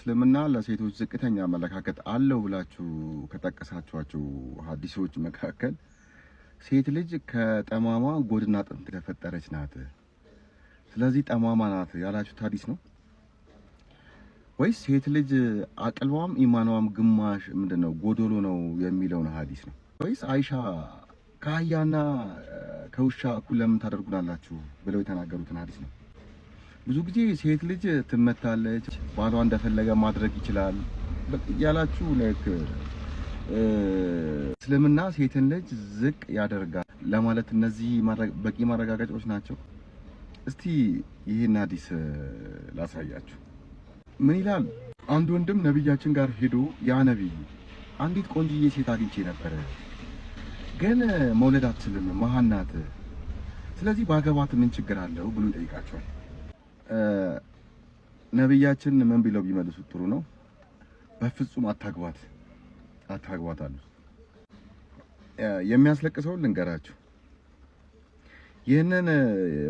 እስልምና ለሴቶች ዝቅተኛ አመለካከት አለው ብላችሁ ከጠቀሳችኋቸው ሀዲሶች መካከል ሴት ልጅ ከጠማማ ጎድና ጥንት የተፈጠረች ናት። ስለዚህ ጠማማ ናት ያላችሁት ሀዲስ ነው ወይስ ሴት ልጅ አቅልቧም ኢማኗም ግማሽ ምንድን ነው ጎዶሎ ነው የሚለውን ሀዲስ ነው ወይስ አይሻ ከአህያና ከውሻ እኩል ለምን ታደርጉናላችሁ ብለው የተናገሩትን ሀዲስ ነው? ብዙ ጊዜ ሴት ልጅ ትመታለች፣ ባሏ እንደፈለገ ማድረግ ይችላል ያላችሁ ላይክ እስልምና ሴትን ልጅ ዝቅ ያደርጋል ለማለት እነዚህ በቂ ማረጋገጫዎች ናቸው። እስቲ ይህን አዲስ ላሳያችሁ። ምን ይላል? አንድ ወንድም ነቢያችን ጋር ሄዶ ያ ነቢይ አንዲት ቆንጅዬ ሴት አግኝቼ ነበረ፣ ግን መውለድ አትችልም መሀን ናት። ስለዚህ በአገባት ምን ችግር አለው ብሎ ይጠይቃቸዋል። ነብያችን ምን ቢለው ቢመልሱት ጥሩ ነው። በፍጹም አታግባት አታግባት አሉ። የሚያስለቅሰውን ልንገራችሁ። ይህንን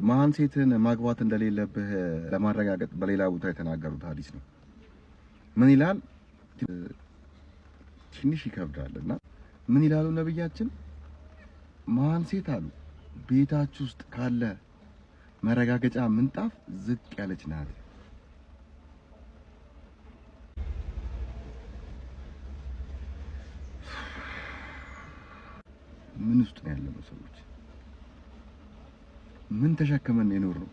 መሀን ሴትን ማግባት እንደሌለብህ ለማረጋገጥ በሌላ ቦታ የተናገሩት አዲስ ነው። ምን ይላል? ትንሽ ይከብዳል እና ምን ይላሉ ነብያችን? መሀን ሴት አሉ ቤታችሁ ውስጥ ካለ መረጋገጫ ምንጣፍ ዝቅ ያለች ናት። ምን ውስጥ ነው ያለነው ሰዎች? ምን ተሸክመን የኖር ነው?